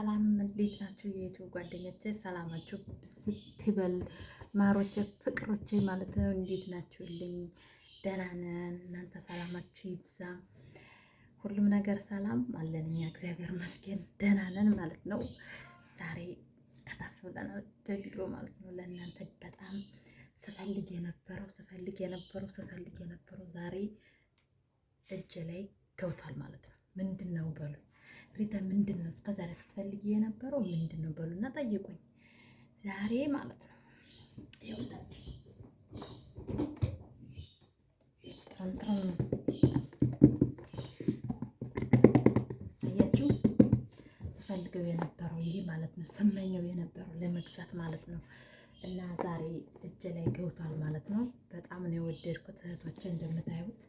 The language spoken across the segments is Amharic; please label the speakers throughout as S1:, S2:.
S1: ሰላም እንዴት ናችሁ? የዩቱብ ጓደኞቼ ሰላማችሁ ስትበል ማሮቼ፣ ፍቅሮቼ ማለት ነው። እንዴት ናችሁልኝ? ደህና ነን። እናንተ ሰላማችሁ ይብዛ፣ ሁሉም ነገር ሰላም አለን እኛ እግዚአብሔር ይመስገን ደህና ነን ማለት ነው። ዛሬ ከታፍ ብለናል በቪዲዮ ማለት ነው። ለእናንተ በጣም ስፈልግ የነበረው ስፈልግ የነበረው ስፈልግ የነበረው ዛሬ እጅ ላይ ገብቷል ማለት ነው። ምንድን ነው በሉ ሪታ ምንድን ነው እስከዛሬ ስትፈልጊ የነበረው ምንድን ነው በሉና ጠይቁኝ። ዛሬ ማለት ነው ጥረንጥረን ስፈልገው የነበረው ይሄ ማለት ነው ስመኘው የነበረው ለመግዛት ማለት ነው። እና ዛሬ እጄ ላይ ገብቷል ማለት ነው። በጣም ነው የወደድኩት እህቶቼ እንደምታዩት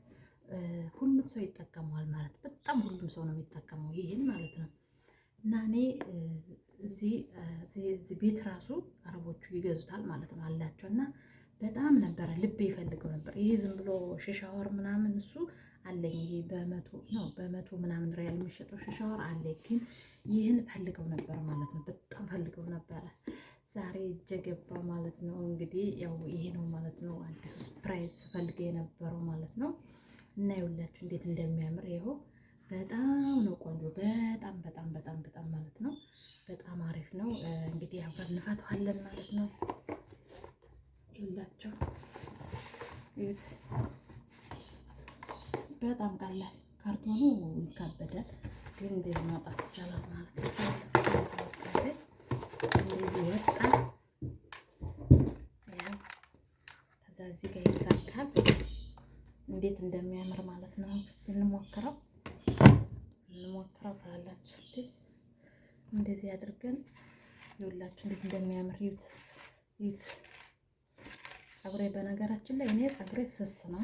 S1: ሁሉም ሰው ይጠቀመዋል ማለት በጣም ሁሉም ሰው ነው የሚጠቀመው ይህን ማለት ነው። እና እኔ እዚህ ቤት ራሱ አረቦቹ ይገዙታል ማለት ነው አላቸው። እና በጣም ነበረ ልቤ ይፈልገው ነበር። ይሄ ዝም ብሎ ሽሻወር ምናምን እሱ አለኝ። ይሄ በመቶ ነው በመቶ ምናምን ሪያል የሚሸጠው ሽሻወር አለኝ። ግን ይህን ፈልገው ነበር ማለት ነው። በጣም ፈልገው ነበረ። ዛሬ እጀ ገባ ማለት ነው። እንግዲህ ያው ይሄ ነው ማለት ነው። አዲሱ ስፕራይዝ ፈልገ የነበረው ማለት ነው። እና ይኸውላችሁ እንዴት እንደሚያምር ይኸው በጣም ነው ቆንጆ። በጣም በጣም በጣም በጣም ማለት ነው በጣም አሪፍ ነው። እንግዲህ አብረን እንፈተዋለን ማለት ነው። ይኸውላችሁ እዩት። በጣም ቀላል ካርቶኑ ይካበዳል፣ ግን እንደዚህ ማውጣት ይቻላል ማለት ነው። እንደዚህ ወጣ እንዴት እንደሚያምር ማለት ነው። እስቲ እንሞክረው እንሞክረው ካላችሁ እስቲ እንደዚህ አድርገን ይውላችሁ እንዴት እንደሚያምር ይዩት ይዩት። ፀጉሬ በነገራችን ላይ እኔ ፀጉሬ ስስ ነው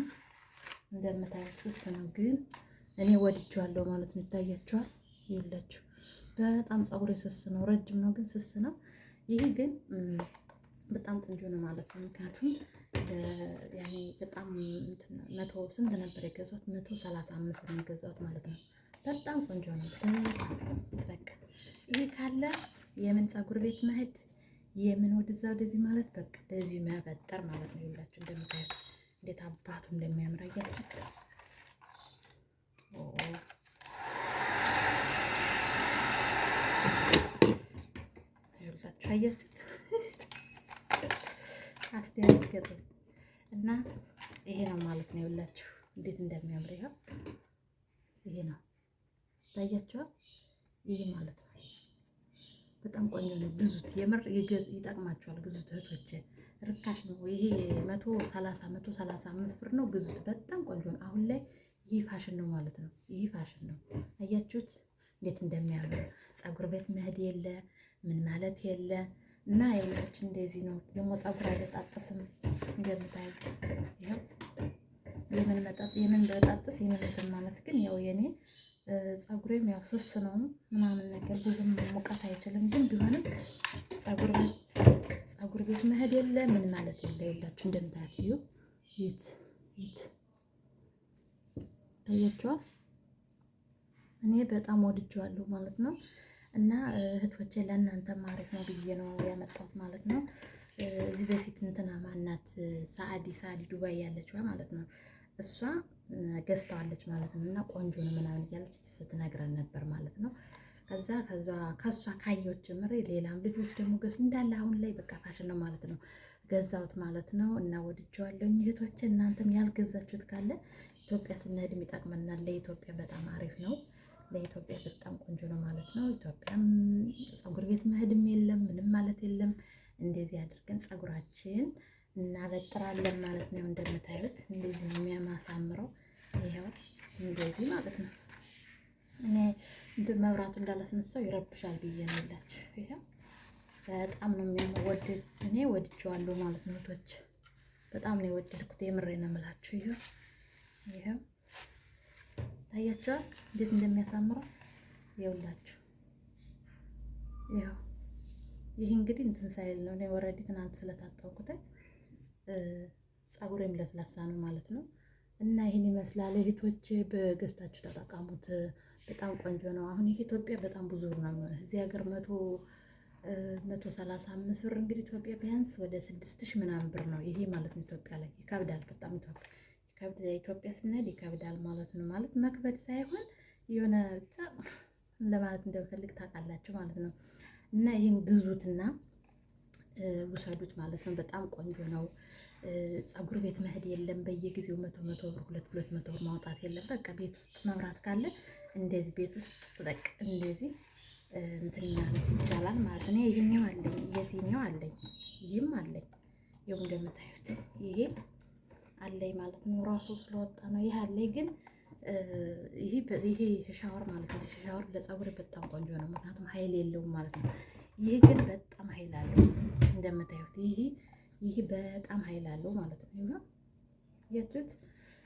S1: እንደምታዩት ስስ ነው፣ ግን እኔ ወድጄዋለሁ ማለት ነው። ይታያችኋል፣ ይውላችሁ በጣም ፀጉሬ ስስ ነው። ረጅም ነው ግን ስስ ነው። ይሄ ግን በጣም ቆንጆ ነው ማለት ነው። ምክንያቱም ያኔ በጣም መቶ ስንት ነበር የገዛሁት? መቶ ሰላሳ አምስት ነው የገዛሁት ማለት ነው። በጣም ቆንጆ ነው። በቃ ይሄ ካለ የምን ፀጉር ቤት መሄድ የምን ወደዛ ወደዚህ ማለት በቃ በዚሁ መበጠር ማለት ነው። ይላችሁ እንደምታዩት እንዴት አባቱ እንደሚያምር አያችሁ። አያችሁት? አስተያየት እና ይሄ ነው ማለት ነው። የላችሁ እንዴት እንደሚያምር ይኸው፣ ይሄ ነው ታያችኋል። ይሄ ማለት ነው በጣም ቆንጆ ነው። ግዙት፣ የምር ይጠቅማችኋል። ግዙት እህቶች፣ ርካሽ ነው። ይሄ መቶ ሰላሳ መቶ ሰላሳ አምስት ብር ነው። ግዙት፣ በጣም ቆንጆ ነው። አሁን ላይ ይህ ፋሽን ነው ማለት ነው። ይህ ፋሽን ነው። አያችሁት እንዴት እንደሚያምር። ፀጉር ቤት መሄድ የለ ምን ማለት የለ እና የውሎች እንደዚህ ነው። ደግሞ ፀጉር አይበጣጥስም የምን መጣጥ የምን በጣጥስ የምን እንትን ማለት ግን ያው የኔ ፀጉሬም ያው ስስ ነው ምናምን ነገር ብዙም ሙቀት አይችልም። ግን ቢሆንም ፀጉር ቤት ፀጉር ቤት መሄድ የለ ምን ማለት የለ። የውላችሁ እንደምታዩት ይት ይት ታያችኋል። እኔ በጣም ወድጀዋለሁ ማለት ነው። እና እህቶቼ ለእናንተ አሪፍ ነው ብዬ ነው ያመጣሁት ማለት ነው። እዚህ በፊት እንትና ማናት ሳአዲ ሳአዲ ዱባይ ያለችዋ ማለት ነው እሷ ገዝተዋለች ማለት ነው። እና ቆንጆ ነው ምናምን እያለች ስትነግረን ነበር ማለት ነው። ከዛ ከዛ ከእሷ ካየሁት ጀምሬ ሌላም ልጆች ደግሞ ገዝ እንዳለ አሁን ላይ በቃ ፋሽን ነው ማለት ነው ገዛሁት ማለት ነው። እና ወድጀዋለሁ እህቶቼ፣ እናንተም ያልገዛችሁት ካለ ኢትዮጵያ ስንሄድ ይጠቅመናል። ለኢትዮጵያ በጣም አሪፍ ነው። በኢትዮጵያ በጣም ቆንጆ ነው ማለት ነው። ኢትዮጵያም ፀጉር ቤት መሄድም የለም ምንም ማለት የለም። እንደዚህ አድርገን ጸጉራችን እናበጥራለን ማለት ነው። እንደምታዩት እንደዚህ ነው የሚያማሳምረው። ይኸው እንደዚህ ማለት ነው። እኔ እንትን መብራቱ እንዳላስነሳው ይረብሻል ብዬ ነው የላችሁ። ይኸው በጣም ነው የሚወደድ። እኔ ወድጄዋለሁ ማለት ነው። ቶች በጣም ነው የወደድኩት። የምሬ ነው የምላችሁ። ይኸው ይኸው ታያችኋል እንዴት እንደሚያሳምረው ይውላችሁ። ያው ይህ እንግዲህ እንትን ሳይል ነው። እኔ ወረዲ ትናንት ስለታጠብኩት ጸጉሬም ለስላሳ ነው ማለት ነው። እና ይህን ይመስላል እህቶች፣ በገዝታችሁ ተጠቀሙት። በጣም ቆንጆ ነው። አሁን ይህ ኢትዮጵያ በጣም ብዙ ብር ነው እዚህ ሀገር መቶ መቶ ሰላሳ አምስት ብር እንግዲህ ኢትዮጵያ ቢያንስ ወደ ስድስት ሺህ ምናምን ብር ነው ይሄ ማለት ነው። ኢትዮጵያ ላይ ይከብዳል በጣም ኢትዮጵያ ከብድ ለኢትዮጵያ ስንሄድ ይከብዳል ማለት ነው። ማለት መክበድ ሳይሆን የሆነ ብቻ ለማለት እንደምፈልግ ታውቃላችሁ ማለት ነው። እና ይህን ግዙትና ውሰዱት ማለት ነው። በጣም ቆንጆ ነው። ፀጉር ቤት መሄድ የለም። በየጊዜው መቶ መቶ ብር ሁለት ሁለት መቶ ብር ማውጣት የለም። በቃ ቤት ውስጥ መብራት ካለ እንደዚህ ቤት ውስጥ በቃ እንደዚህ እንትን ማለት ይቻላል ማለት ነው። ይሄኛው አለኝ፣ የዚህኛው አለኝ፣ ይህም አለኝ። ይኸው እንደምታዩት ይሄ አለይ ማለት ነው። ራሱ ስለወጣ ነው ይህ አለይ ግን ይሄ ሻወር ማለት ነው። ሻወር ለፀጉር በጣም ቆንጆ ነው፣ ምክንያቱም ኃይል የለውም ማለት ነው። ይህ ግን በጣም ሀይል አለው እንደምታዩት፣ ይሄ ይሄ በጣም ኃይል አለው ማለት ነው። ይሄ ያችሁት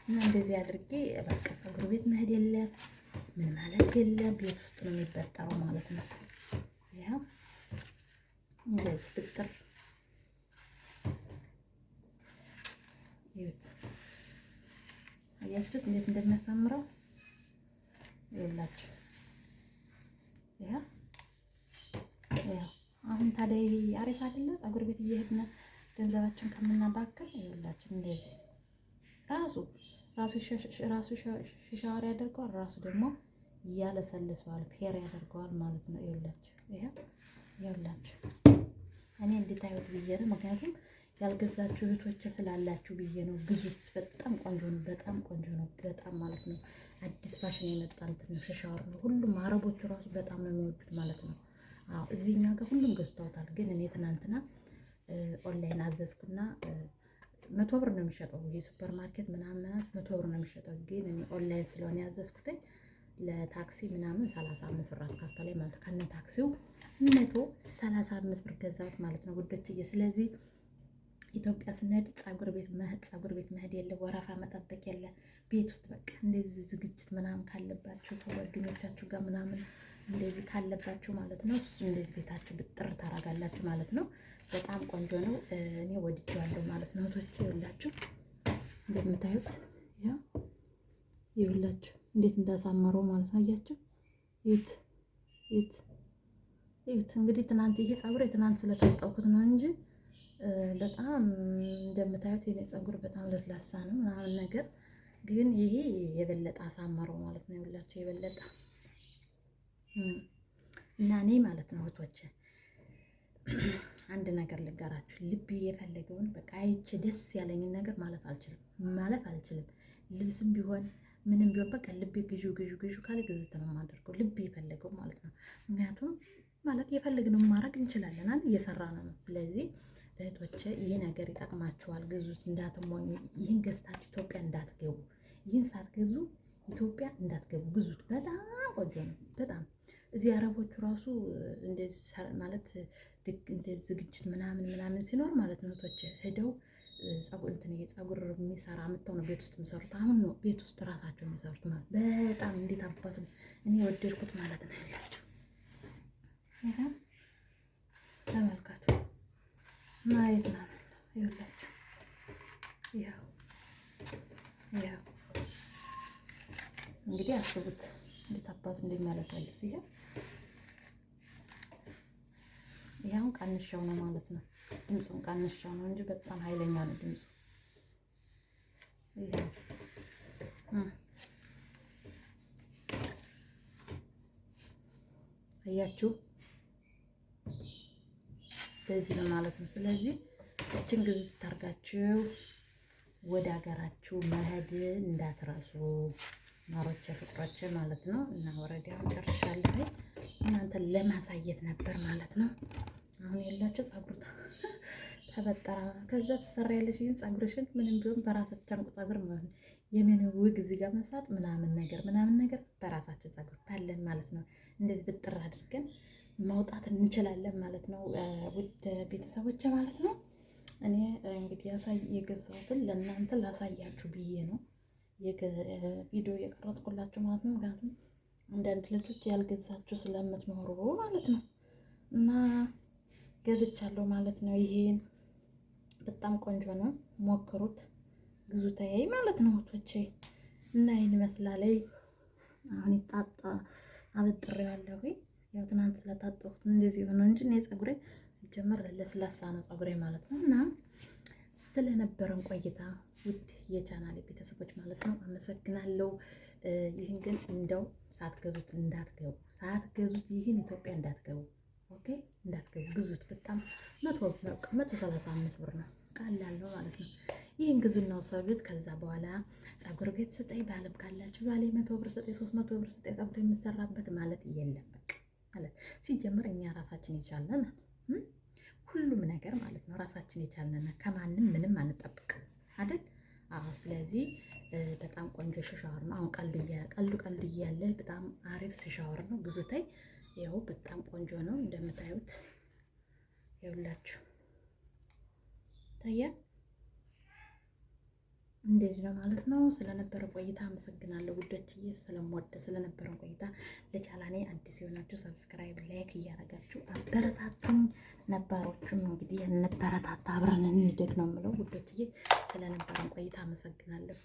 S1: እና እንደዚህ አድርጌ በቃ ፀጉር ቤት መሄድ የለ ምን ማለት የለ፣ ቤት ውስጥ ነው የሚፈጠረው ማለት ነው። ያ እንደዚህ ብጥር አያችሁት እንዴት እንደሚያሳምረው ይላችሁ። ያ አሁን ታዲያ ይሄ አሪፍ አይደለ? ፀጉር ቤት እየሄድን ገንዘባችን ከምናባክል ይላችሁ። እንደዚህ ራሱ ራሱ ራሱ ሻወር ያደርገዋል፣ ራሱ ደግሞ እያለሰልሰዋል፣ ፔር ያደርገዋል ማለት ነው። ይላችሁ ያ ይላችሁ እኔ እንድታዩት ብዬ ነው ምክንያቱም ያልገዛችሁ እህቶች ስላላችሁ ብዬ ነው። ግዙት። በጣም ቆንጆ ነው። በጣም ቆንጆ ነው። በጣም ማለት ነው አዲስ ፋሽን የመጣ እንትን ሸሻወር ነው። ሁሉም አረቦቹ ራሱ በጣም ነው የሚወዱት ማለት ነው። አዎ እዚህ እኛ ጋር ሁሉም ገዝተውታል። ግን እኔ ትናንትና ኦንላይን አዘዝኩና መቶ ብር ነው የሚሸጠው የሱፐር ማርኬት ምናምን መቶ ብር ነው የሚሸጠው። ግን እኔ ኦንላይን ስለሆነ ያዘዝኩትኝ ለታክሲ ምናምን ሰላሳ አምስት ብር አስካፈለኝ ማለት ከነ ታክሲው መቶ ሰላሳ አምስት ብር ገዛሁት ማለት ነው ውዶችዬ ስለዚህ ኢትዮጵያ ስንሄድ ፀጉር ቤት መሄድ ፀጉር ቤት መሄድ የለ ወረፋ መጠበቅ የለ። ቤት ውስጥ በቃ እንደዚህ ዝግጅት ምናምን ካለባችሁ ከጓደኞቻችሁ ጋር ምናምን እንደዚህ ካለባችሁ ማለት ነው እሱ እንደዚህ ቤታችሁ ብጥር ታረጋላችሁ ማለት ነው። በጣም ቆንጆ ነው። እኔ ወድጄዋለሁ ማለት ነው። እህቶቼ ይኸውላችሁ እንደምታዩት ያው እንዴት እንዳሳመረው ማለት ነው። አያችሁ ይት ይት ይት እንግዲህ ትናንት ይሄ ፀጉር የትናንት ስለታጠብኩት ነው እንጂ በጣም እንደምታዩት የኔ ፀጉር በጣም ለስላሳ ነው ምናምን ነገር ግን ይሄ የበለጠ አሳመረው ማለት ነው። የሁላቸው የበለጠ እና እኔ ማለት ነው እህቶቼ አንድ ነገር ልጋራችሁ። ልቤ የፈለገውን በቃ አይቼ ደስ ያለኝን ነገር ማለፍ አልችልም ማለፍ አልችልም። ልብስም ቢሆን ምንም ቢሆን በቃ ልቤ ግዢ ግዢ ግዢ ካለ ግዝት ነው የማደርገው ልቤ የፈለገው ማለት ነው። ምክንያቱም ማለት የፈለግነው ማድረግ እንችላለን እየሰራ ነው። ስለዚህ እህቶች ይህ ነገር ይጠቅማችኋል፣ ግዙት፣ እንዳትሞኙ። ይህን ገዝታችሁ ኢትዮጵያ እንዳትገቡ፣ ይህን ሳትገዙ ኢትዮጵያ እንዳትገቡ፣ ግዙት። በጣም ቆንጆ ነው። በጣም እዚህ አረቦቹ ራሱ ማለት ዝግጅት ምናምን ምናምን ሲኖር ማለት ነው እህቶች ሄደው የጸጉር የሚሰራ ምተው ነው ቤት ውስጥ የሚሰሩት። አሁን ነው ቤት ውስጥ ራሳቸው የሚሰሩት ማለት በጣም እንዴት አባቱ እኔ ወደድኩት ማለት ነው ያላቸው ተመልካቱ ማየት ነው። ይኸውላችሁ ይኸው ይኸው እንግዲህ አስቡት እንዴት አባቱ እንደሚያለሳልስ ይሄ ይሄውን ቀንሻው ነው ማለት ነው። ድምፁን ቀንሻው ነው እንጂ በጣም ኃይለኛ ነው ድምፁ። አያችሁ። ለዚህ ነው ማለት ነው። ስለዚህ እችን ግዝ ታርጋችሁ ወደ ሀገራችሁ መሄድ እንዳትረሱ ማሮቼ ፍቅሮቼ ማለት ነው። እና ወረዲ ጨርሻለሁ። እናንተ ለማሳየት ነበር ማለት ነው። አሁን ያላችሁ ፀጉር ተበጠረ። ከዛ ተሰራ ያለሽ ግን ፀጉርሽን ምንም ቢሆን በራሳችን ፀጉር ማለት ነው። የምን ውግ እዚህ ጋር መስራት ምናምን ነገር ምናምን ነገር በራሳችን ፀጉር ታለን ማለት ነው። እንደዚህ ብጥር አድርገን መውጣት እንችላለን ማለት ነው። ውድ ቤተሰቦች ማለት ነው። እኔ እንግዲህ ያሳይ የገዛሁትን ለእናንተ ላሳያችሁ ብዬ ነው ቪዲዮ የቀረጥኩላችሁ ማለት ነው። ምክንያቱም አንዳንድ ልጆች ያልገዛችሁ ስለምትኖሩ ማለት ነው። እና ገዝቻለሁ ማለት ነው። ይሄን በጣም ቆንጆ ነው፣ ሞክሩት፣ ተያይ ማለት ነው ወቶቼ። እና ይህን ይመስላል። አሁን ይጣጣ አበጥሬዋለሁ። ያው ትናንት ስለታጠብኩት እንደዚህ ሆኖ እንጂ እኔ ፀጉሬ ሲጀመር ለስላሳ ነው ፀጉሬ ማለት ነው። እና ስለነበረን ቆይታ ውድ የቻናል ቤተሰቦች ማለት ነው አመሰግናለሁ። ይህን ግን እንደው ሳትገዙት እንዳትገቡ፣ ሳትገዙት ይህን ኢትዮጵያ እንዳትገቡ፣ ኦኬ እንዳትገቡ። ግዙት በጣም መቶ ሰላሳ አምስት ብር ነው ቃላል ነው ማለት ነው። ይህን ነው ውሰዱት። ከዛ በኋላ ፀጉር ቤት ስጠኝ ባለም ካላችሁ ባለ መቶ ብር ስጠኝ፣ ሶስት መቶ ብር ስጠኝ ፀጉር የምሰራበት ማለት የለም በቃ ማለት ሲጀምር እኛ ራሳችን የቻልነን ሁሉም ነገር ማለት ነው። ራሳችን የቻልነን ከማንም ምንም አንጠብቅም አይደል? አዎ። ስለዚህ በጣም ቆንጆ ሽሻወር ነው። አሁን ቀልዱ ቀልዱ እያለ በጣም አሪፍ ሽሻወር ነው። ብዙ ታይ ያው በጣም ቆንጆ ነው እንደምታዩት። ይኸውላችሁ ይታያል። እንደዚህ ነው ማለት ነው። ስለነበረ ቆይታ አመሰግናለሁ ውዶችዬ፣ ስለምወደ ስለነበረ ቆይታ። ለቻላኔ አዲስ የሆናችሁ ሰብስክራይብ፣ ላይክ እያረጋችሁ አበረታቱኝ። ነባሮቹም እንግዲህ እንበረታታ፣ አብረን እንደግ ነው የምለው ውዶችዬ። ስለነበረን ቆይታ አመሰግናለሁ።